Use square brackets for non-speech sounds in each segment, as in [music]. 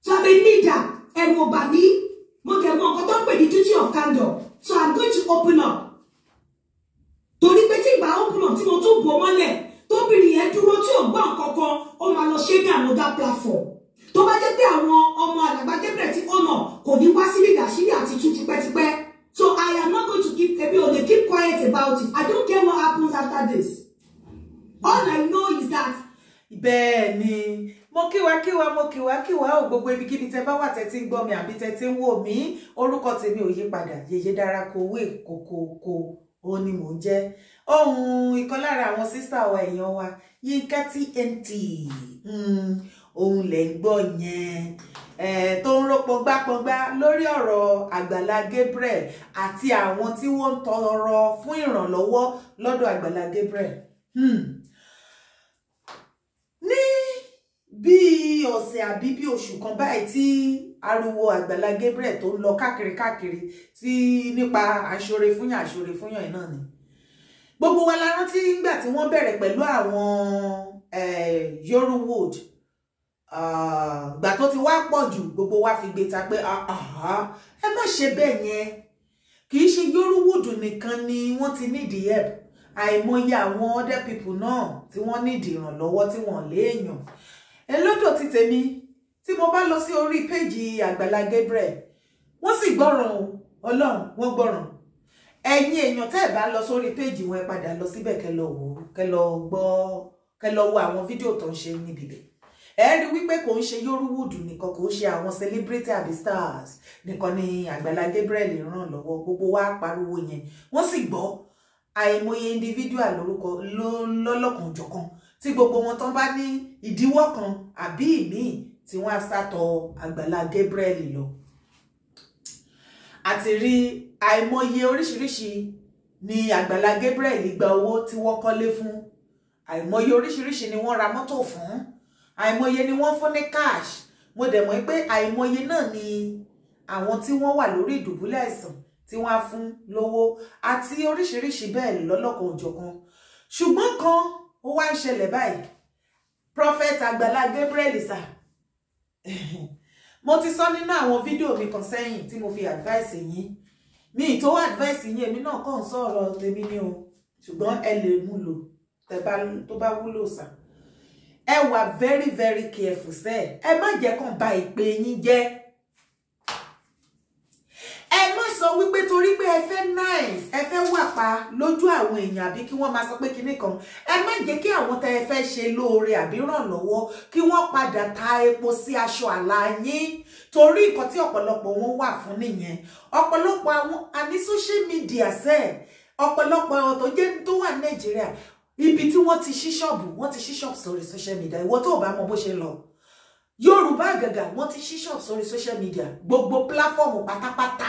So I'm a leader and going to Kotokwe, the duty of candor. So I'm going to open up. Torí pé tí ìgbà open up tí mo tún bò mọ́lẹ̀ tóbìnrin yẹn dúró tí ò gbọ́ nǹkan kan ó máa lọ ṣe on that platform. Tó bá jẹ́ pé àwọn ọmọ àdàgbà débẹ̀ tí ó nà kò ní wá sí ìdàsílẹ̀ àti tú tipẹ́tipẹ́. So I am not going to keep ebi o dey keep quiet about it. I don't care what happens after this. All I know is that bẹ́ẹ̀ ni mo kíwa kíwa mo kíwa kíwa ò gbogbo ibikíbi tẹ bá wà tẹ́tí ń gbọ́ mi àbí tẹ́tí ń wò mí orúkọ tèmi ò yí padà yèyé dára kowé kòkòkò ó ní mò ń jẹ́ ohun ìkan lára àwọn sísá wa èèyàn wa Yínká TNT ohun hmm, lẹ̀ ń gbọ́ yẹn tó ń ró pọngbápọngbá lórí ọ̀rọ̀ àgbàlá Gabriel àti àwọn tí wọ́n ń tọrọ fún ìrànlọ́wọ́ lọ́dọ̀ àgbàlá Gabriel. Hmm bí ọ̀sẹ̀ àbí bí oṣù kan báyìí tí ariwo àgbàlá Gabriel tó ń lọ káàkiri káàkiri tí nípa àṣọre fúnyàn àṣọre fúnyàn náà ni gbogbo wa la rántí nígbà tí wọ́n bẹ̀rẹ̀ pẹ̀lú àwọn Yoruwood gbà tó ti wá pọ̀ jù gbogbo wa fi gbé ta pé ah, ah, ah, ẹ má ṣe bẹ́ẹ̀ yẹn kì í ṣe Yoruwood nìkan ni wọ́n ti nídìí help àìmọye àwọn other people náà tí wọ́n nídìí ìrànlọ́wọ́ tí wọ́n léèyàn elédò ti tèmi tí mo bá lọ sí orí péjì àgbàlá Gabriel wọ́n sì gbọ́ràn o ọlọ́run wọ́n gbọ́ràn ẹ̀yin èèyàn tẹ́ ẹ̀ bá lọ sórí péjì wọn ẹ padà lọ síbẹ̀ kẹ́ lọ wò ó kẹ́ lọ gbọ́ kẹ́ lọ wo àwọn fídíò tó ń ṣe níbi bẹ̀ ẹ rí wípé kò ń ṣe Yorùwood nìkan kò ń ṣe àwọn celebrity àbí stars nìkan ni àgbàlá Gabriel ràn lọ́wọ́ gbogbo wa pariwo yẹn wọ́n sì gbọ́ àìmọye individual lórúkọ lọ́lọ́kan jọ̀kan tí gbogbo wọn tán bá ní ìdíwọ́ kan àbí ìmíì tí wọ́n á sátọ àgbàlá Gabriel lọ àti rí àìmọye oríṣiríṣi ni àgbàlá Gabriel gba owó tí wọ́n kọ́lé fún àìmọye oríṣiríṣi ni wọ́n ra mọ́tò fún àìmọye ni wọ́n fún ní cash mo dẹ̀ mọ̀ pé àìmọye náà ni àwọn tí wọ́n wà lórí ìdùbúlẹ̀ àìsàn tí wọ́n á fún lówó àti oríṣiríṣi bẹ́ẹ̀ lọ́lọ́kan òjọ̀kan ṣùgbọ́n kan ó wá ń ṣẹlẹ̀ prophet àgbàlá Gabriel sà mo ti sọ nínú àwọn fídíò mi kan sẹ́yìn tí mo fi advice yín mi ì tó advice yín èmi náà kàn so, ọ̀rọ̀ tèmi ni o ṣùgbọ́n ẹ lè mú lò tó bá wúlò sà ẹ wà very very careful sẹ́ ẹ ma jẹ́ kàn ba ìpè yín jẹ́ wípé torí pé ẹ fẹ́ nice ẹ fẹ́ wàpa lójú àwọn èèyàn àbí kí wọ́n máa sọ pé kinní kan ẹ má jẹ́ kí àwọn tẹ́ ẹ fẹ́ ṣe lóore àbí ràn lọ́wọ́ kí wọ́n padà ta epo sí aṣọ àlà yín torí nǹkan tí ọ̀pọ̀lọpọ̀ wọn wà fún nìyẹn ọ̀pọ̀lọpọ̀ àwọn àní social media sẹ́ẹ̀ ọ̀pọ̀lọpọ̀ àwọn tó jẹ́ tó wà ní Nàìjíríà ibi tí wọ́n ti ṣí ṣọ́ọ̀bù wọ́n ti ṣí ṣọ́ọ̀bù sórí social media ìwọ tó o bá mọ bó ṣe lọ Yorùbá àgàgà wọ́n ti ṣí ṣọ́ọ̀bù sórí social media gbogbo pátápátá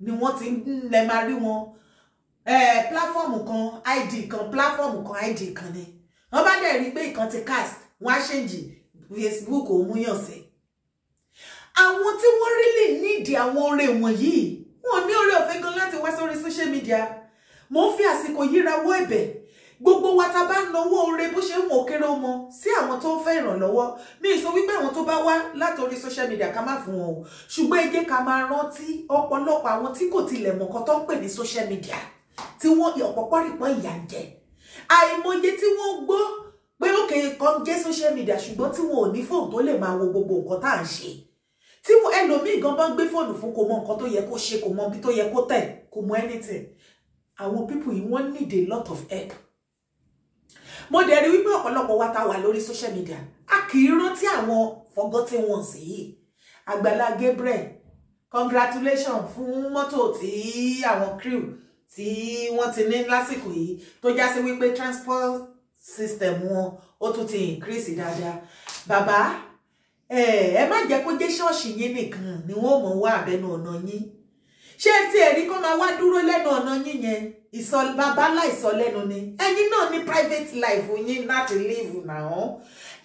ni wọ́n ti lè máa rí wọn pláfọ́ọ̀mù kan id kan pláfọ́ọ̀mù kan id kan ni wọ́n bá dẹ̀ rí pé ìkan ti cast wọ́n á ṣèǹjì facebook òun múyàn sí àwọn tí wọ́n rí lè nídìí àwọn oore wọ̀nyí wọn ní oore ọ̀fẹ́ gan láti wá sórí social media mo ń fi àsìkò yíra wọ ẹ̀bẹ̀ gbogbo wa ta bá ń nawó oore bó ṣe ń wò kéré ọmọ sí àwọn tó ń fẹ́ ìrànlọ́wọ́ mi sọ wípé àwọn tó bá wá látòrí social media ká má fún wọn o ṣùgbọ́n ẹ jẹ́ ká máa rántí ọ̀pọ̀lọpọ̀ àwọn tí kò tilẹ̀ mọ̀ kan tó ń pè ní social media tí wọ́n ọ̀pọ̀pọ̀ rìpọ̀ ìyà ń jẹ àìmọye tí wọ́n gbọ́ pé òkè kan jẹ́ social media ṣùgbọ́n tí wọn ò ní fóònù tó lè máa wo gbogbo nǹkan tá à ń ṣe tí wọn ẹlòmíì gan bá gbé fóònù fún kò mọ nǹkan tó yẹ kó ṣe kò mọ ibi tó yẹ kó tẹ̀ kò mọ anything àwọn people yìí wọ́n need a lot of help mo dẹ̀ rí wípé ọ̀pọ̀lọpọ̀ wa ta wà lórí social media a kì í rántí àwọn forgotten ones yìí Àgbàlá Gabriel congratulation fún mọ́tò tí àwọn crew tí wọ́n ti ní lásìkò yìí tó já sí wípé transport system wọn ó tún ti increase dáadáa bàbá ẹ má jẹ́ kó jẹ́ ṣọ́ọ̀ṣì yín nìkan ni wọ́n mọ̀ wá àbẹnu ọ̀nà yín ṣé tí ẹ̀rí kan máa wá dúró lẹ́nu ọ̀nà yín yẹn babalá ìsọlẹ́nu ni ẹ̀yin náà ní private life yín láti live náà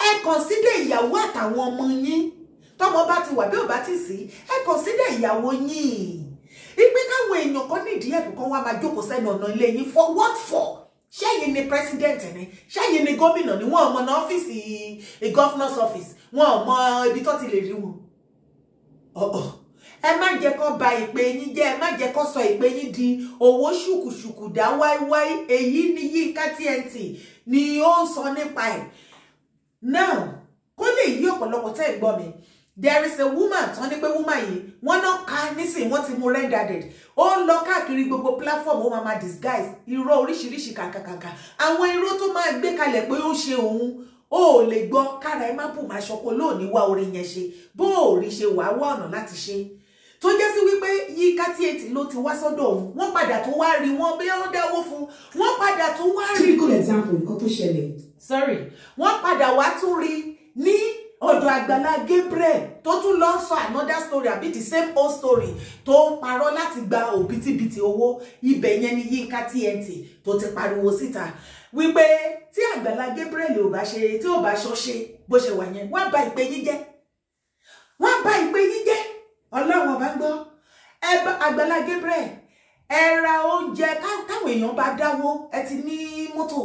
ẹ consider ìyàwó àtàwọn ọmọ yín tọmọ bá ti wà bí ò bá ti sí ẹ consider ìyàwó yín ìpín káwọn èèyàn kan nídìí ẹ̀dùn kan wá máa jókòó sẹ́nu ọ̀nà ilé yín for what for ṣẹ́yìn ni president ni ṣẹ́yìn ni gómìnà ni wọ́n ọmọ náà ọ́fíìsì governor's office wọ́n ọmọ ibi tó ti lè rí wọn ẹ má jẹ́ kó ba ìpè yín jẹ́ ẹ má jẹ́ kó sọ ìpè yín di owó ṣùkùṣùkù dá wáíwáí èyí ni Yínká TNT ni ó ń sọ nípa ẹ̀ now kó lè yí ọ̀pọ̀lọpọ̀ tẹ́ ẹ̀ gbọ́ mi there is a woman tán ní pé woman yìí wọ́n náà ka nísìnyí wọ́n ti mú rendered ó ń lọ káàkiri gbogbo platform ó máa ma disguise irọ́ oríṣiríṣi kàkàkàkà àwọn irọ́ tó máa gbé kalẹ̀ pé ó ń ṣe òun o ò lè gbọ́ kára ẹ má bù máa ṣọpọ̀ lóòní wá orin yẹn ṣe bó o rí ṣe wàá wá ọ̀nà láti ṣe é tó jẹ́ sí wípé yíká tí etí ló ti wá sọ́dọ̀ wọ́n padà tó wá rí wọn bí wọ́n dáwó fún wọ́n padà tó wá rí. typical example nǹkan tó ṣẹlẹ̀. sorry wọ́n padà wá tún rí ní ọ̀dọ̀ àgbàlá Gabriel tó tún lọ sọ another story àbí the same old story tó ń parọ́ láti gba òbítíbitì owó ibẹ̀ yẹn ni Yínká TNT tó ti pariwo síta wípé tí àgbàlá Gabriel ò bá ṣe tí ò bá ṣọṣe bó ṣe wà yẹn wọ́n bá ìpè yín jẹ́ wọ́n bá ìpè yín jẹ́ ọlọ́run ọba ń gbọ́ àgbàlá Gabriel ẹ ra oúnjẹ káwọn èèyàn bá dáwó ẹ ti ní mọ́tò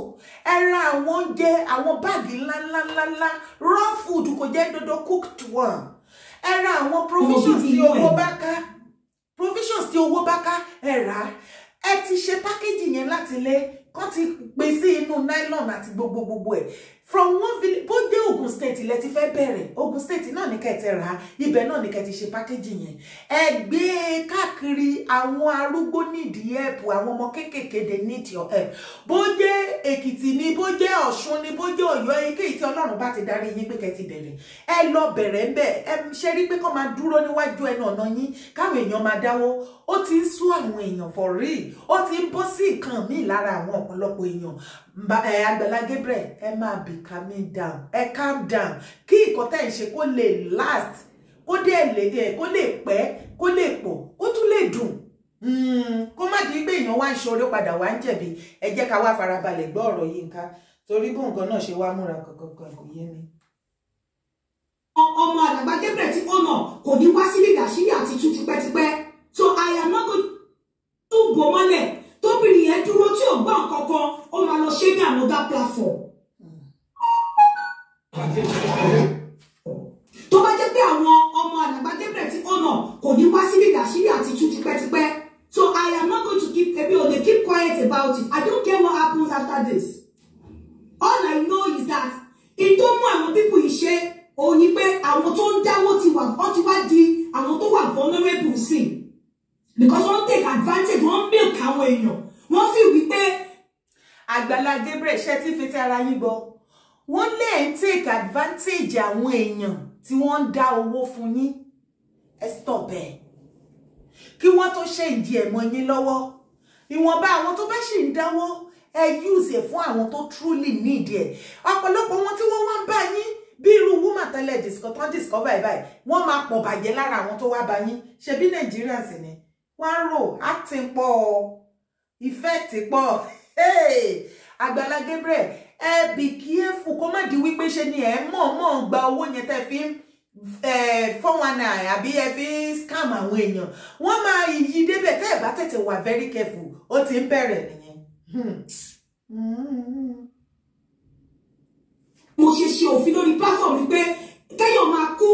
ẹ ra àwọn oúnjẹ àwọn báàgì ńláńláńláńlá raw food kò jẹ́ dandan cooked one ẹ ra àwọn provisions tí owó bá ká provisions tí owó bá ká ẹ rà á ẹ ti ṣe pákéjì yẹn láti lé kán ti pín sí inú nylon àti gbogbo gbogbo from one village bó dé Ogun State lẹ ti fẹ́ bẹ̀rẹ̀ Ogun State náà ní kẹtẹ rà á ibẹ̀ náà ní kẹtẹ ṣe pákéjì yẹn ẹ gbé káàkiri àwọn arúgbó nídìí help àwọn ọmọ kéékèèké they need your help bó jẹ́ Èkìtì ni bó jẹ́ Ọ̀ṣun ni bó jẹ́ Ọ̀yọ́ èyíkéyìí tí Ọlọ́run bá ti darí yín pé kẹtì bẹ̀rẹ̀ ẹ lọ bẹ̀rẹ̀ ń bẹ̀ ṣe rí pé kọ́ máa dúró níwájú ẹnu ọ̀nà yín káwọn èèyàn máa dáwọ́ ó ti ń sú àwọn èèyàn for real ó ti ń bọ́ sí nǹkan míì lára àwọn ọ̀pọ̀lọpọ̀ èèyàn Àgbàlá eh, Gabriel ẹ máa be calming down ẹ calm down kí ìkọ́tà ìṣe kó lè last kó dé lè kó lè pẹ́ kó lè pọ̀ kó tún lè dùn hmm, kó má di pé èèyàn wá ń padà ń jẹ̀bi ẹ jẹ́ ká wá farabalẹ̀ gbọ́ Yínká torí bó náà ṣe wá múra kankan kò yé dáwọ́ ẹ use ẹ̀ fún àwọn tó truly need ẹ̀ ọ̀pọ̀lọpọ̀ wọn tí wọ́n wá bá yín bí irú wúmà tẹ́lẹ̀ tán discover ẹ̀ báyìí wọ́n máa pọ̀ bàjẹ́ lára àwọn tó wá bá yín ṣe bí nàìjíríà sì ni wọ́n á rò á ti pọ̀ ìfẹ́ ti pọ̀ Àgbàlá Gabriel ẹ bì kíyèfù kó má di wípé ṣe ni ẹ mọ̀ọ́mọ̀ gba owó yẹn tẹ́ fi ń four one nine àbí ẹ fi ń scam àwọn èèyàn wọ́n máa yí débẹ̀ tẹ́ ẹ bá tètè wà very careful ó ti ń bẹ̀rẹ̀ ni mo ṣe ṣe òfin lórí pásọ̀ mi pé kéèyàn máa kú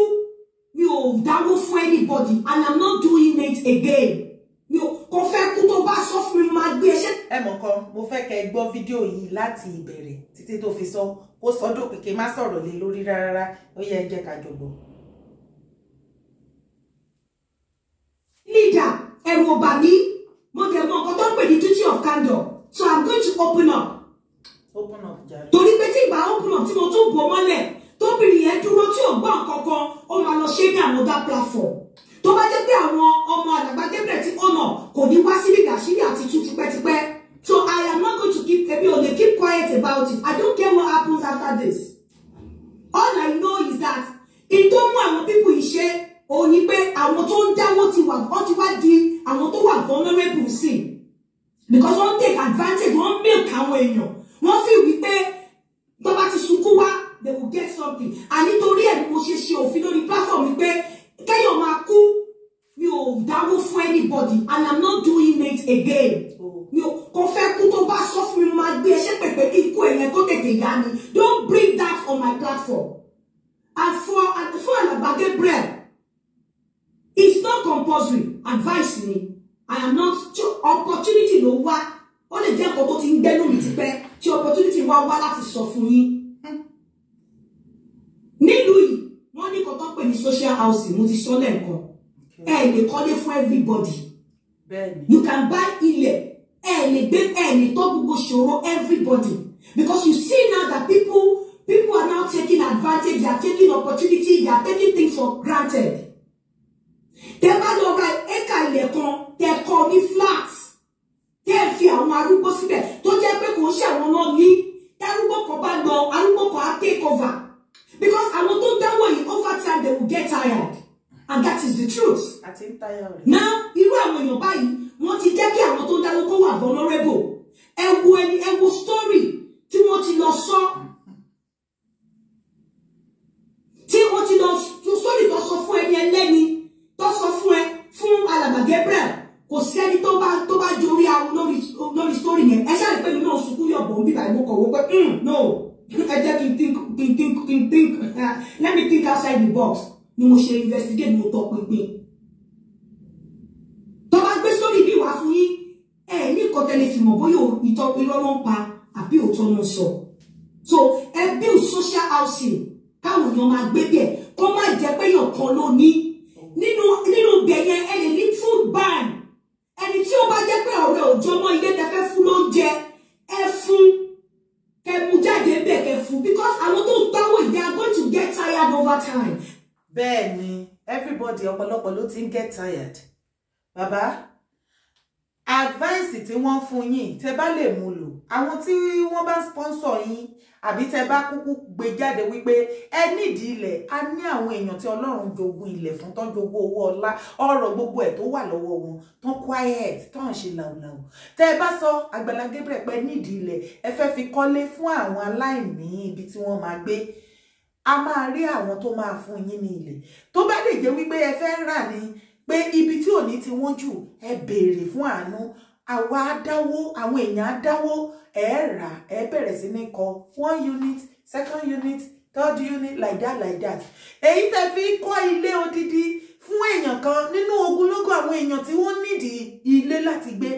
mi ò dáwó fún anybody and i'm not doing it again mi ò kò fẹ́ kú tó bá sọ fún mi máa gbé ẹṣẹ́. E ẹ mọ̀ kan mo fẹ́ kẹ́ ẹ gbọ́ fídíò yìí láti ìbẹ̀rẹ̀ títí tó fi sọ kó sọdọ̀ pé má sọ̀rọ̀ lé lórí rárá ó yẹ ẹ ká jọ̀gbọ́n. leader ẹ̀rù ò bà mo tẹ̀ mọ́ ọkọ tó ń pè ní duty of candor So I'm going to open up. Open up, Jerry. Torí pé tí ìgbà open up tí mo tún bò mọ́lẹ̀ tóbìnrin yẹn dúró tí ò gbọ́n kankan ó máa lọ ṣe ní àmúdá platform. Tó bá jẹ́ pé àwọn ọmọ àdàgbà Gabriel ti ọ̀nà kò ní wá síbi ìdàṣírí àti tú tipẹ́tipẹ́. So I am not going to keep ebi o dey keep quiet about it. I don't care what happens after this. All I know is that in tó mú àwọn pípù yìí ṣe òun ni pé àwọn tó ń dáwọ́ ti wà wọ́n ti wá di àwọn tó wà vulnerable sí i because wọ́n take advantage wọ́n milk àwọn èèyàn wọ́n fi wípé bàbá ti sunkún wá they will get something and nítorí ẹ̀ ni mo ṣe ṣe òfin lórí platform wípé kéèyàn máa kú mi ò dáwó fún anybody and i'm not doing it again mi ò kò fẹ́ kú tó bá sọ fún mi mo máa gbé ẹṣẹ́ pẹ̀pẹ́ kí ikú ẹ̀yẹn kó tètè yá mi don't bring that on my platform and for and for Alaba bread, it's not compulsory advice me. I am not opportunity ló wá ó lè jẹ́ nǹkan tó ti ń gbẹ́nu mi tipẹ́ tí opportunity wá wá láti sọ fún yín. nílùú yìí wọ́n ní nǹkan tó ń pè ní social housing mo ti sọ lẹ́ẹ̀kan ẹ lè kọ́lé fún everybody you can buy ilẹ̀ ẹ lè gbé ẹ lè tọ́ gbogbo ṣòro everybody because you see now that people people are now taking advantage they are taking opportunity they are taking things for granted. tẹ́ bá lọ ra ilẹ̀ kan tẹ́ kọ́ ní flat tẹ́ fi àwọn arúgbó síbẹ̀ tó jẹ́ pé kò ń ṣe àwọn náà ní tí arúgbó kan bá lọ arúgbó kan á take over because àwọn tó dáwọ́ yìí over time they will get tired and that is the truth. àti ń tayọ rẹ. ná irú àwọn èèyàn báyìí wọ́n ti jẹ́ kí àwọn tó dáwọ́ kó wà vulnerable ẹ wo ẹni ẹ wo story tí wọ́n ti lọ sọ. So, lórí lórí story yẹn ẹ ṣáà pé mi náà sunkún yọ̀bọ̀ ń bíbá ìmúkọ̀ wọ́n pé hmm, no ẹ jẹ́ kí n think kí n think kí n think [laughs] let me think outside the box ni mo ṣe investigate mo tọpinpin tó bá gbé story bí wàá fún yín ẹ ní ìkọ́tẹ́lẹ̀ fi mọ̀ bóyá ìtọ́ irọ́ ló ń pa àbí òótọ́ ló ń sọ so ẹ build social housing káwọn èèyàn máa gbé bẹ́ẹ̀ kó má jẹ́ pé èèyàn kan ló ní nínú nínú bẹ̀yẹn ẹ lè ní food bank ọ̀dọ̀ ilé tẹ́fẹ́ fún lóúnjẹ ẹ fún kẹmu jáde bẹ̀ kẹ fún because àwọn tó ń tọ́wọ́ ìdí are going to get tired over time. bẹ́ẹ̀ni everybody ọ̀pọ̀lọpọ̀ ló ti ń get tired bàbá advice tí wọ́n fún yín tẹ́ bá lè mú lò àwọn tí wọ́n bá sponsor yín àbí tẹ bá kúkú gbé jáde wípé ẹ nídìí ilẹ̀ a ní àwọn èèyàn tí ọlọ́run jogún ilẹ̀ fún tán jogún owó ọlá ọrọ̀ gbogbo ẹ̀ tó wà lọ́wọ́ wọn tán quiet tán ṣe làwùlàwù tẹ bá sọ Àgbàlá Gabriel pé nídìí ilẹ̀ ẹ fẹ́ fi kọ́lé fún àwọn aláìní ibi tí wọ́n máa gbé a máa rí àwọn tó máa fún yín ní ilẹ̀ tó bá lè jẹ́ wípé ẹ fẹ́ rà ní pé ibi tí ò ti wọ́n jù ẹ béèrè fún àánú àwa á dáwó àwọn èèyàn á dáwó ẹ rà ẹ bẹ̀rẹ̀ sí ní kọ one unit second unit third unit like that like that èyí tẹ́ fi kọ́ ilé odidi fún èèyàn kan nínú ogunlọ́gọ̀ àwọn èèyàn tí wọ́n nídìí ilé láti gbé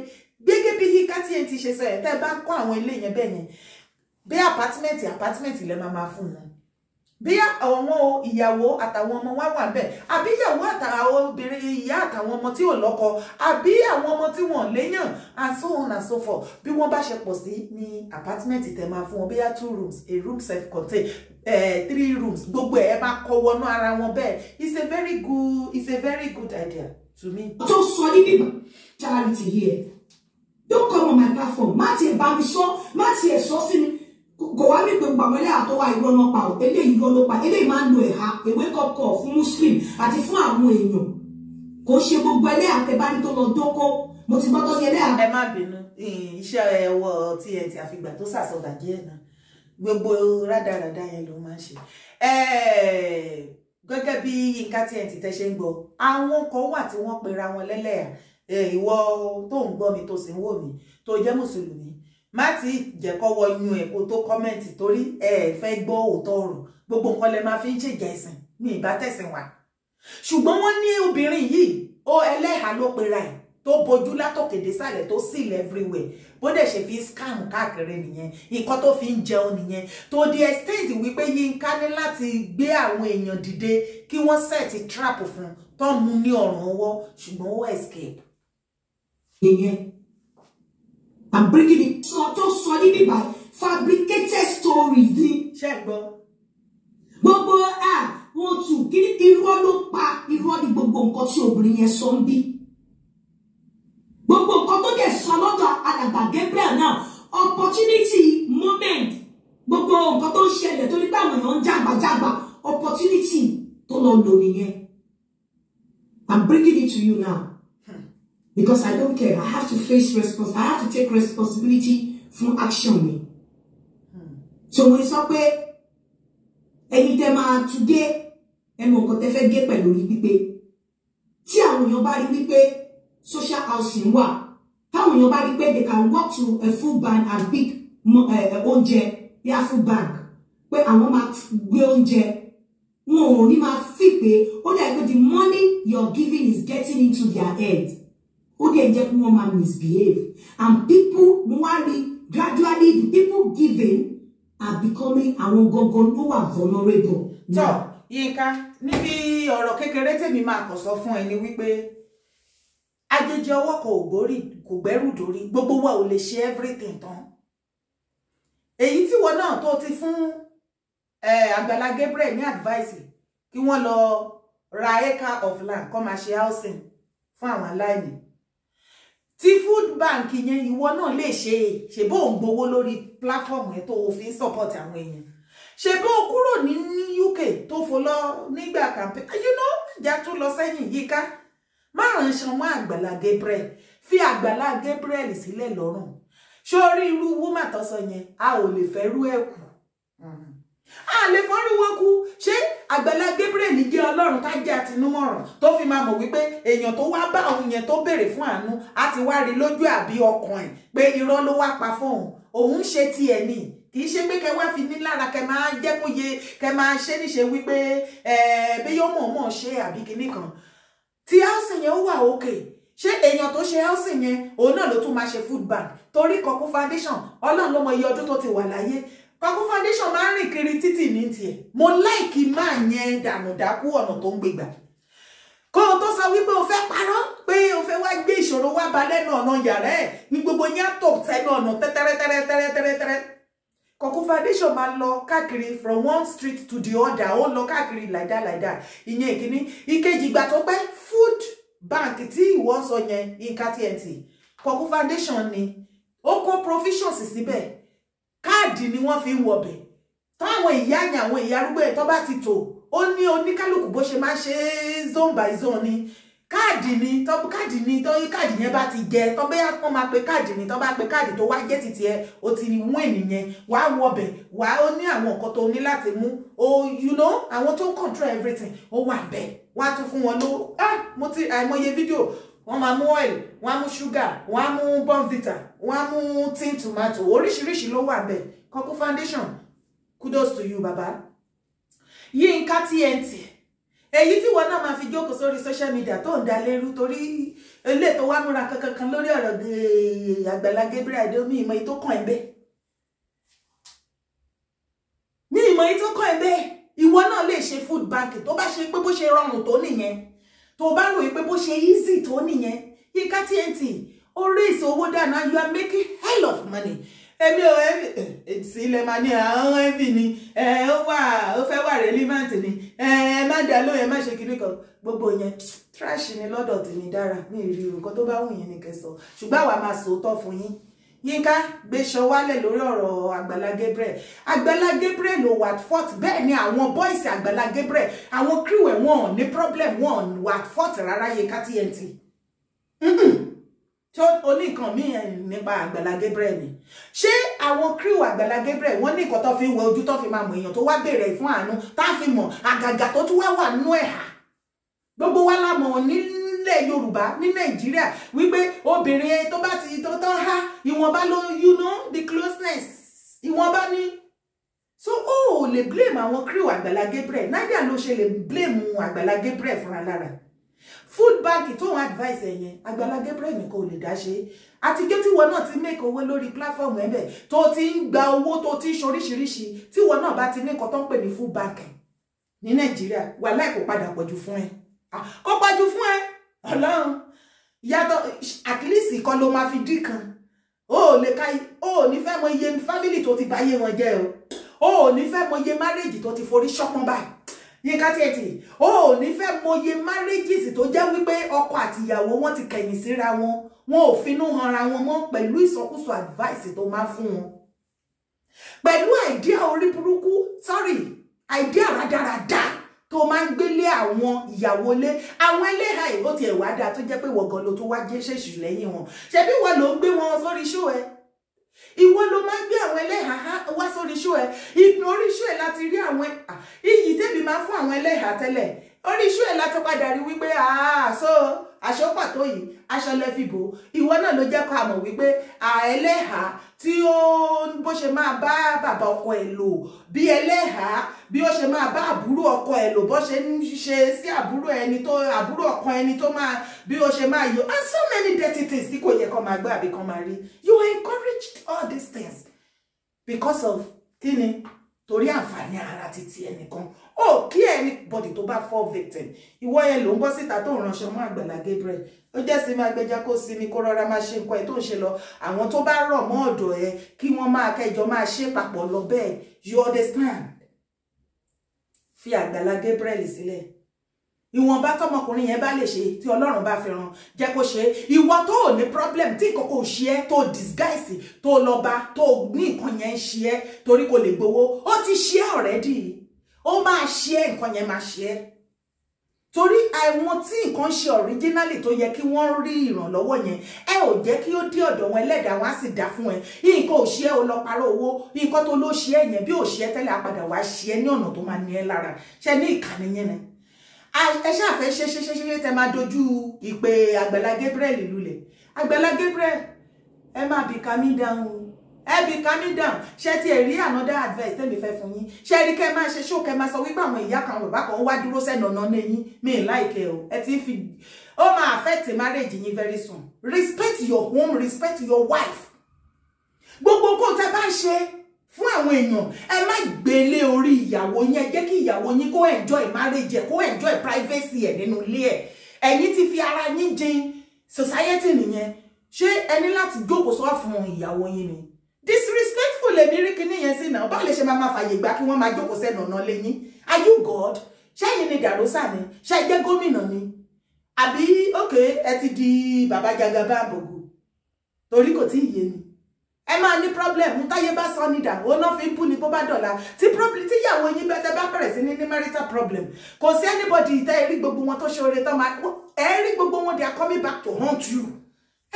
gẹ́gẹ́ bí yíká tí ẹn ti ṣe sọ ẹ̀ tẹ́ bá kọ́ àwọn ilé yẹn bẹ́ẹ̀ yẹn bí apátímẹ́ǹtì apátímẹ́ǹtì lẹ́ máa máa fún wọn bí àwọn ìyàwó àtàwọn ọmọ wa wà bẹ́ẹ̀ àbí ìyàwó àtàwọn obìnrin ìyá àtàwọn ọmọ tí ò lọ́kọ àbí àwọn ọmọ tí wọ́n léyàn and so on and so forth bí wọ́n bá ṣe pọ̀ sí ní apartment tẹ̀ máa fún wọn bí two rooms a room self contained eh, three rooms gbogbo ẹ̀ máa kọ́ wọnú ara wọn bẹ́ẹ̀ it's a very good it's a very good idea to me. tó sọ ní bíbá charity yìí ẹ don come on my platform má tiẹ̀ bá mi sọ má tiẹ̀ sọ sí mi gòwámì pé gbàmọ́lẹ́ àtọwà irọ́ náà pa ọ́ eléyìí irọ́ ló pa eléyìí máa ń lo ẹ̀ha ìwé kọ̀ọ̀kọ̀ fún muslim àti fún àwọn èèyàn kò ṣe gbogbo ẹlẹ́yà tẹ́bárí tó lọ dọ́kọ́ mo ti gbọ́ tó ṣe ẹlẹ́yà. ẹ má bínú iṣẹ́ ẹ̀wọ̀ tnt àfìgbà tó sàsọ̀dà díẹ̀ náà gbogbo rádaràda yẹn ló máa ń ṣe gẹ́gẹ́ bí Yinka TNT tẹ́ ṣe ń gbọ́ àwọn kan wà tí wọ́n pera wọn lẹ́lẹ́yà ìwọ tó ń gbọ́ mi tó sì ń wò mí tó jẹ́ mùsùlùmí má ti jẹ́ kọ́ wọ yun ẹ̀ kó tó kọ́mẹ̀ntì torí ẹ fẹ́ gbọ́ òótọ́ ọ̀rọ̀ gbogbo nǹkan lẹ máa fi ń ṣèjà ẹ̀sìn ní ìbá tẹ̀sìn wa ṣùgbọ́n wọ́n ní obìnrin yìí ó ẹlẹ́hà ló pera ẹ̀ tó bojú látòkèdè sàlẹ̀ tó seal everywhere bó dẹ̀ ṣe fi scam káàkiri nìyẹn nǹkan tó fi ń jẹun nìyẹn tó di estate wípé Yínká ní láti gbé àwọn èèyàn dìde kí wọ́n set trap fún tó mú ní ọ̀ràn ọwọ́ ṣùgbọ́n ó escape. nìyẹn I'm breaking it. Sọ tó sọ níbí bá fabricated stories ni. Ṣé gbọ́? Gbogbo à wọ́n tù kí irọ́ ló pa irọ́ ni gbogbo nǹkan tí obìnrin yẹn sọ ń bí. Gbogbo nǹkan tó dẹ̀ sọ lọ́dọ̀ alàgbà Gabriel náà opportunity moment gbogbo nǹkan tó ń ṣẹlẹ̀ torí pé àwọn èèyàn ń jàgbàjàgbà opportunity tó lọ lò I'm breaking it to you now because I don't care. I have to face response. I have to take responsibility fún action mi. So when you pé ẹni tẹ máa tú gé ẹ mọ nǹkan tẹ fẹ́ gé pẹ̀lú orí pípé. Tí àwọn èèyàn social housing wà, how èèyàn bá rí pé they can walk to a full bank and pick eh, eh, oúnjẹ yá full bank Where àwọn máa gbé oúnjẹ wọn ò ní máa fi pé ó dàgbé the money you're giving is getting into their head. Who dẹ̀ jẹ́ kí wọ́n misbehave and people worry. gradually the people giving are becoming àwọn gangan ló wà vulnerable. tọ́ Yínká níbi ọ̀rọ̀ kékeré tèmi máa kàn sọ fún ẹ ni wípé àjèjì ọwọ́ kan ò gbórí kò gbẹ́rù dórí gbogbo wa ò lè ṣe everything tán èyí tí wọn náà tó ti fún Àgbàlá Gabriel ní advice kí wọ́n lọ ra acre of land kó máa ṣe housing fún àwọn aláìní tí food bank yẹn ìwọ náà lè ṣe ṣe bó ń gbowó lórí platform ẹ tó fi ń support àwọn èèyàn ṣe bó kúrò ní UK tó fò lọ nígbà campaign you know ìjà tún lọ sẹ́yìn yíká má ránṣan mọ́ Àgbàlá Gabriel fi Àgbàlá Gabriel sílẹ̀ lọ́rùn sórí irú wúmà tó sọ yẹn a ò lè fẹ́ rú ẹ̀ hmm. a lè fọ́rú wọn kú ṣé àgbàlá Gabriel jẹ́ ọlọ́run tá jẹ́ àtinúmọ̀ràn tó fi máa mọ̀ wípé èèyàn tó wá bá òun yẹn tó béèrè fún àánú á ti wá rí lójú àbí ọkàn ẹ̀ pé irọ́ ló wá pa fún òun òun ṣe tiẹ̀ ni kì í ṣe pé kẹ wá fi ní lára kẹ máa jẹ́ kó yẹ kẹ máa ṣe níṣe wípé bí yóò mọ̀ọ́mọ̀ ṣe àbí kinní kan tí housing yẹn wà òkè ṣé èèyàn tó ṣe housing yẹn òun náà ló tún máa ṣe food bank torí kọkú foundation ọlọ́run ló mọ iye ọdún tó ti wà láyé Paku Foundation máa ń rìn kiri títì ní tiẹ̀ mo láìkí máa yẹn dànù dákú ọ̀nà tó ń gbégbà kó o tó sọ wípé o fẹ́ parọ́ pé o fẹ́ wá gbé ìṣòro wá ba lẹ́nu ọ̀nà yàrá ẹ̀ ní gbogbo yẹn tó tẹnu ọ̀nà tẹ́tẹ́rẹ́tẹ́rẹ́tẹ́rẹ́tẹ́rẹ́ Paku Foundation máa lọ káàkiri from one street to the other ó lọ káàkiri làìdá làìdá ìyẹn ìkíní ìkejì ìgbà tó pẹ́ food bank tí ìwọ sọ yẹn Yinka TNT Paku Foundation ni ó kó provisions síbẹ̀ káàdì ni wọ́n fi ń wọ̀bẹ̀ táwọn ìyá àyàn àwọn ìyá arúgbó ẹ̀ tó bá ti tò ó ní oníkálukú bó ṣe máa ṣe zone by zone ni káàdì ni tó káàdì ni tó káàdì yẹn bá ti jẹ tó bẹ́yà wọ́n máa pe káàdì ni tó bá pe káàdì tó wá jẹ́ títí ẹ o ti ní mú ènìyàn wá wọ̀bẹ̀ wá ó ní àwọn nǹkan tó ní láti mú o you know àwọn tó ń control everything ó wà bẹ́ẹ̀ wọ́n á tún fún wọn lówó ah mo ti àìmọye fídíò wọ́n máa mú oil wọ́n á mú sugar wọ́n á mú bonvita wọ́n á mú tin tomato oríṣiríṣi ló wà bẹ́ẹ̀ kọ́kú foundation kudos to you baba Yinka TNT èyí tí wọn náà máa fi jókòó sórí social media tó ń da lérú torí ilé tó wá múra kankan kan lórí ọ̀rọ̀ Àgbàlá Gabriel adéomi ìmọ̀ èyí tó kàn ẹ́ bẹ́ẹ̀ ní ìmọ̀ èyí tó kàn ẹ́ bẹ́ẹ̀ ìwọ náà lè ṣe food bank tó bá ṣe pé bó ṣe rọrùn tó nìyẹn tó bá rò wípé bó ṣe easy tó nìyẹn Yinka TNT ó raise owó dáná you are making hell of money èmi ò eh, sí ilẹ̀ máa ní àwọn ah, ẹ̀fì ni ẹ ó wà ó fẹ́ wà relevant ni ẹ má dá lóyún ẹ má ṣe kiri kan gbogbo yẹn trash ni lọ́dọ̀ tèmi dára mi ì rí nǹkan tó bá wù yín ni kẹsàn-án ṣùgbọ́n àwa máa sòótọ́ fún yín yínká gbéṣọ wálẹ̀ lórí ọ̀rọ̀ àgbàlá gabriel àgbàlá gabriel ò wà fort bẹ́ẹ̀ ni àwọn bọ́ìsì àgbàlá gabriel àwọn crew ẹ̀ wọ́n ní problem wọ́n wà fort rárá yínká tnt tó oní nǹkan míì eh, nípa àgbàlá gabriel ni ṣé àwọn crew àgbàlá gabriel wọ́n ní nǹkan tó fi ń wẹ ojú tó fi máa mọ èèyàn tó wá béèrè fún àánú tá a fi mọ̀ àgàgà tó tún wá wà nínú ẹ̀hà gbogbo wa la mọ̀ nínú nílẹ̀ yorùbá ní nàìjíríà wípé obìnrin tó bá ti tó tán há ìwọ̀nba ló you know the closeness ìwọ̀nba ni so ó ò lè blame àwọn crew àgbàlá Gabriel náírà ló ṣe lè blame àgbàlá Gabriel fúnra lára food bank tóun advice ẹ̀yẹn àgbàlá Gabriel nìkan ò lè dá ṣe àti gé tíwọ náà ti make owó lórí platform ẹ̀bẹ̀ tó ti ń gba owó tó ti ń ṣoríṣiríṣi tíwọ náà bá ti ní nǹkan tó ń pè ní food bank ní nàìjíríà wàhálà kò padà pọ̀jù fún ẹ kò pọ̀jù fún ẹ ọlọ́run yàtọ̀ at least ìkan ló máa fi dín kan o ò lè ka o ò ní fẹ́ mọ iye family tó ti báyé wọn jẹ́ o o ní fẹ́ mọ iye marriage tó ti forí ṣọ́pọ́n báyìí yínká tí ẹ tì o ò ní fẹ́ mọ iye marriages tó jẹ́ wípé ọkọ àtìyàwó wọn ti kẹ̀yìn síra wọn wọn ò finú hanra wọn mọ́ pẹ̀lú ìsọkúsọ advice tó máa fún wọn pẹ̀lú idea orí burúkú sorry idea rádaràda tó máa ń gbélé àwọn ìyàwó ilé àwọn eléha ìlú ti ẹ̀wà dáa tó jẹ́ pé wọ̀gàn ló tó wá jẹ́ ṣèṣù lẹ́yìn wọn ṣebí wọn ló ń gbé wọn sórí ṣó ẹ ìwọ ló máa ń gbé àwọn ẹlẹ́hà wá sórí ṣó ẹ ìpín orí ṣó ẹ láti rí àwọn iyì tẹ́bi máa fún àwọn ẹlẹ́hà tẹ́lẹ̀ orí ṣó ẹ láti padà rí wípé àásọ aṣọ pàtó yìí aṣọ lẹ́fìbò ìwọ náà ló jẹ́ kó a mọ̀ wípé àẹ́lẹ́hà tí ó bó ṣe máa bá bàbá ọkọ ẹ̀ lò bí ẹlẹ́hàá bí ó ṣe máa bá àbúrò ọkọ ẹ̀ lò bó ṣe ń ṣe sí àbúrò ẹni tó àbúrò ọkọ ẹni tó máa bí ó ṣe máa yọ and so many dirty things tí kò yẹ kó máa gbé àbí kó máa rí you encouraged all these things because of kíni torí àǹfààní ara títí ẹnìkan ó kí anybody tó bá fall victim ìwọ yẹn ló ń bọ́ síta tó ń ránṣọ mọ́ Àgbàlá Gabriel ó jẹ́ sinmi agbẹja kó sinmi kó rọra máa ṣe nǹkan ẹ̀ tó ń ṣe lọ àwọn tó bá rọ̀ mọ́ ọ̀dọ̀ ẹ kí wọ́n máa kẹjọ máa ṣe papọ̀ lọ bẹ́ẹ̀ you understand fi àgbàlá Gabriel sílẹ̀ ìwọ̀nba tọmọkùnrin yẹn bá lè ṣe tí ọlọ́run bá fi ràn jẹ́ kó ṣe ìwọ tó ò ní problem tí nǹkan kò ṣe ẹ́ tó disguise tó lọ bá tó ní nǹkan yẹn ń ṣe ẹ́ torí kò lè gbowó ó ti ṣe ẹ́ already ó máa ṣe ẹ́ nǹkan yẹn máa ṣe ẹ́ torí àìmọ tí nǹkan ṣe ọ̀ríjínálì tó yẹ kí wọ́n rí ìrànlọ́wọ́ yẹn ẹ ò jẹ́ kí ó dé ọ̀dọ̀ wọn ẹlẹ́dàá wọn á sì dá fún ẹ nǹkan ò ṣe ẹ ò lọ parọ́ owó nǹkan tó ló ṣe ẹ yẹn bí ò ṣe ẹ tẹ́lẹ̀ apàdà wàá ṣe ẹ ní ọ̀nà tó máa ní ẹ lára ṣe ní ìkànnì yẹn ni ẹ ṣàfẹ́ ṣe ṣe ṣe ṣe tẹ máa dojú ìpè àgbàlá Gabriel lulẹ̀ àgbàlá Gabriel ẹ máa bìkà mí dáhùn ẹbí calm down ṣe ti ẹ̀ rí another advice tẹ́mi fẹ́ fún yín ṣe rí kẹ́ máa ṣe ṣó kẹ́ máa sọ wípé àwọn ìyá kan bàbá kan wá dúró sẹ́nu ọ̀nà ní yín mi ì láìkẹ́ o ẹ ti ń fi ó máa affect marriage yín very soon respect your home respect your wife gbogbo nǹkan tẹ́ bá ń ṣe fún àwọn èèyàn ẹ má gbélé orí ìyàwó yín ẹ jẹ́ kí ìyàwó yín kó enjoy marriage ẹ kó enjoy privacy ẹ nínú ilé ẹ ẹ̀yin ti fi ara yín jin society nìyẹn ṣé ẹ ní láti jókòó sọ fún ìyàwó yín ni disrespectful lèmi rí kinní yẹn sí náà báwo lè ṣe máa máa fàyè gbà kí wọ́n máa jókòó sẹ́nu ọ̀nà lẹ́yìn are you God ṣẹ́yìn ni dàrósà ni ṣe jẹ́ gómìnà ni àbí òkè ẹ ti di bàbá jagaba àbògò torí kò tí ì yé mi ẹ máa ní problem táyé bá sọ ní dà ó ná fi ń bú ni bó bá dọ̀la tí problem tíyàwó yín bẹ́ẹ̀ tẹ́ bá bẹ̀rẹ̀ sí ní ní marital problem kò sí anybody tẹ́ ẹ rí gbogbo wọn tó ṣe oore tán máa ẹ rí gbogbo wọn they are coming back to haunt you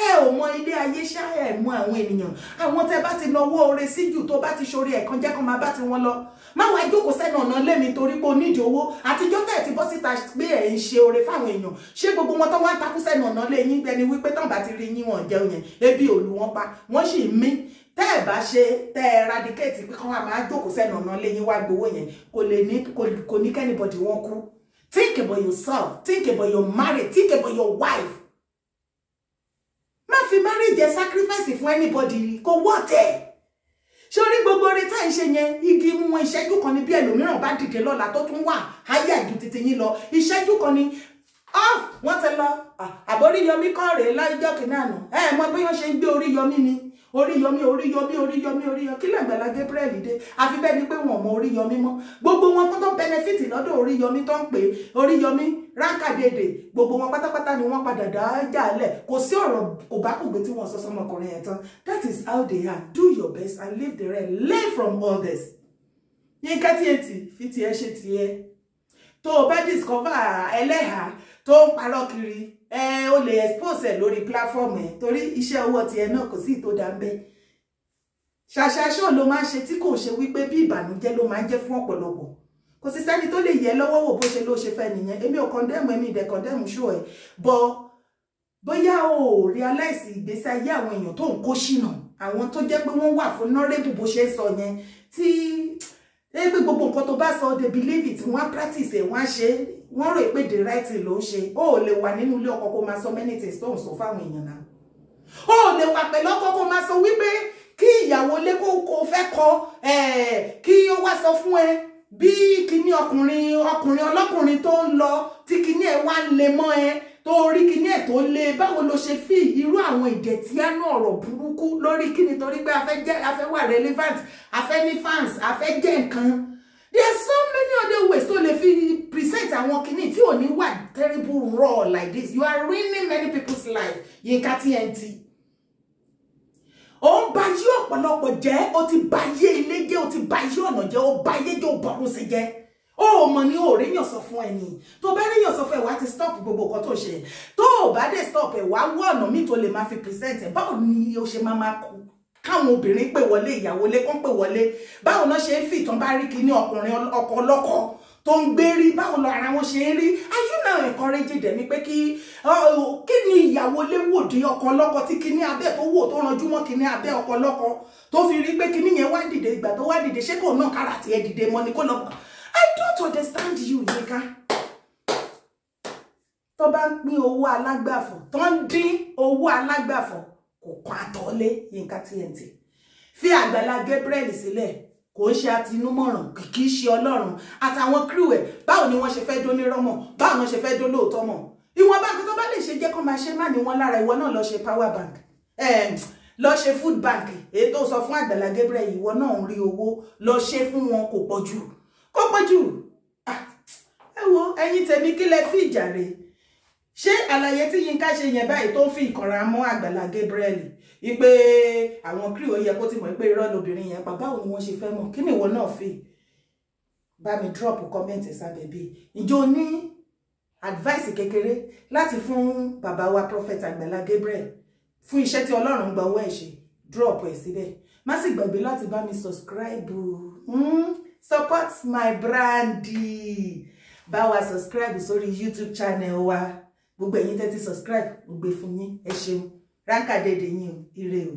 ẹ ò mọ ilé ayé ṣá ẹ mọ àwọn ènìyàn àwọn tẹ bá ti lọ́wọ́ oore síjù tó bá ti ṣoore ẹ̀kan jẹ́ kan máa bá ti wọn lọ máa wá jókòó sẹ́nu ọ̀nà lẹ́mi torí pé o nídìí owó àtijọ́ tẹ̀ ti bọ́ síta pé ẹ̀ ń ṣe oore fáwọn èèyàn ṣé gbogbo wọn tó wá ń takú sẹ́nu ọ̀nà lé yín gbẹni wípé tán bá ti rí yín wọn jẹun yẹn ebi òlu wọn pa wọn sì ń mí tẹ́ ẹ̀ bá ṣe tẹ́ ẹ radicate pé kán wà máa jókòó sẹ́nu ọ̀nà lé yín wá gbowó yẹn kò lè ní kò ní kẹ́nibọ̀dì wọn kú think about yourself think about your marriage think about your wife fi marriage ẹ sacrifice fún anybody kò worth it sórí gbogbo orin tá à ń ṣe yẹn igi mú ìṣẹ́jú kan ní bí ẹlòmíràn bá dìde lọ́la tó tún wà ayé àjù títí yín lọ ìṣẹ́jú kan ní off ah, wọ́n ti lọ ah, àbórí yọmí kọ́ rèé lọ́jọ́ kìíní àná ẹ mọ bí wọ́n ṣe ń gbé orí yọmí ni orí yọmí orí yọmí orí yọmí orí yọmí kí lẹ́gbẹ̀lá Gabriel dé àfi bẹ́ẹ̀ ni pé wọ́n mọ orí yọmí mọ́ gbogbo wọn tó benefit lọ́dọ̀ orí yọmí tó ń pè orí yọmí ránkàdédè gbogbo wọn pátápátá ni wọ́n padà dá jálẹ̀ kò sí ọ̀rọ̀ kò bá kùgbé tí wọ́n sọ sọmọkùnrin yẹn tán that is how they are do your best and live the rest learn from all this yínká tí etí fi tiẹ̀ ṣe tiẹ̀ tó o bá discover ẹlẹ́hàá tó ń parọ́ kiri ẹ o lè expose ẹ lórí platform ẹ torí iṣẹ́ owó tiẹ̀ náà kò sí ìtòdà ń bẹ́ẹ̀ ṣàṣàṣọ́ ló máa ń ṣe tí kò ṣe wípé bí ìbànújẹ́ ló máa ń jẹ́ fún ọ̀pọ̀lọpọ̀ kò sí sẹ́ni tó lè yẹ lọ́wọ́ wò bó ṣe ló ṣe fẹ́ nìyẹn èmi ò kọ́ndẹ́mù èmi ìdẹ̀ kọ́ndẹ́mù ṣó ẹ̀ bọ́ bóyá o realize ìgbésí ayé àwọn èèyàn tó ń kó ṣìnà àwọn tó jẹ́ pé wọ́n wà fún nọ́rẹ́bù bó ṣe sọ yẹn tí ẹ pé gbogbo nǹkan tó bá sọ they believe it wọ́n á practice ẹ̀ wọ́n á ṣe wọ́n rò pé the right thing ló ń ṣe o ò lè wà nínú ilé ọkọ kó máa sọ many things tó ń sọ fáwọn èèyàn náà o ò lè wà pẹ̀lú ọkọ kó máa sọ wípé kí ìyàwó lé kó fẹ́ kọ kí ó wá sọ fún ẹ bí kinní ọkùnrin ọkùnrin ọlọ́kùnrin tó ń lọ tí kinní ẹ̀ wá lè mọ́ ẹ tó rí kinní ẹ̀ tó lé báwo ló ṣe fi irú àwọn ìdẹ̀tíánú ọ̀rọ̀ burúkú lórí kinní torí pé a fẹ́ wà relevant a fẹ́ ní fans a fẹ́ jẹ́ nǹkan there are so many other ways tó lè fi present àwọn kinní tí ò ní wà terrible raw like this you are ruining many people's life Yinka TNT ó ń ba yí ọ̀pọ̀lọpọ̀ jẹ́ ó ti ba yé ilé jẹ́ ó ti ba yí ọ̀nà jẹ́ ó ba yé jẹ́ ó bọ̀rún sí jẹ́ ó mọ̀ ní òòrè yàn sọ fún ẹni tó bá ríyàn sọ fún ẹ ti stop gbogbo nǹkan tó ṣe tó o bá dé stop ẹ wá wọ ọ̀nà míì tó lè máa fi present ẹ báwo ni o ṣe máa máa kú káwọn obìnrin pè wọlé ìyàwó lé kán pè wọlé báwo náà ṣe ń fi ìtàn bá rí kí ní ọkùnrin ọkọ ọlọ́kọ̀ọ́ tó ń gbé rí báwo lọ ara wọn ṣe rí ayé náà encourage dẹ̀mí pé kí oh, kí ni ìyàwó léwòde ọkọ lọ́kọ tí kíní abẹ́ tó wò tó ranjú mọ́ kíní abẹ́ ọkọ lọ́kọ tó fi rí pé kíní yẹn wá dìde ìgbà tó wá dìde ṣé kò náà kára tiẹ̀ dìde mọ́ ni kó lọ. I don't understand you Yinka tó bá ń pín owó alágbàfọ̀ tó ń dín owó alágbàfọ̀ kò kan àtọ́lé Yinka TNT fi Àgbàlá Gabriel sílẹ̀ kò ń ṣe atinúmọ̀ràn kì í ṣe ọlọ́run àtàwọn crew ẹ̀ báwo ni wọ́n ṣe fẹ́ dónírọ́mọ̀ báwo ni wọ́n ṣe fẹ́ dólóòótọ́ mọ̀ ìwọ̀n báńkì tó bá lè ṣe jẹ́ kó máa ṣe má ní wọn lára ìwọ náà lọ ṣe power bank lọ ṣe food bank èyí tó sọ fún Àgbàlá Gabriel ìwọ náà ń rí owó lọ ṣe fún wọn kò pọ̀ kò pọ̀ ah, ẹ wo ẹ̀yin tèmi kí lẹ fi ìjà rèé ṣé àlàyé tí Yínká ṣe yẹn báyìí tó ń fi ìkanra mọ́ Àgbàlá Gabriel ipe àwọn kírìó yẹ kó ti mọ̀ pé irọ́ lobìnrin yẹn pa báwo ni wọ́n ṣe fẹ́ mọ̀ kí ni ìwọ náà fi bá mi drop comment sábẹ́ bí ǹjẹ́ o ní advice kékeré láti fún bàbá wa prophet Àgbàlá Gabriel fún iṣẹ́ tí Ọlọ́run gba owó ẹ̀ ṣe drop ẹ̀ síbẹ̀ má sì gbàgbé láti bá mi subscribe hmm? support my brandi bá wa subscribe sórí YouTube channel wa gbogbo ẹ̀yin tẹ́ ti subscribe mo gbé fún yín ẹ ṣeun ránkà dédé yín o ire o.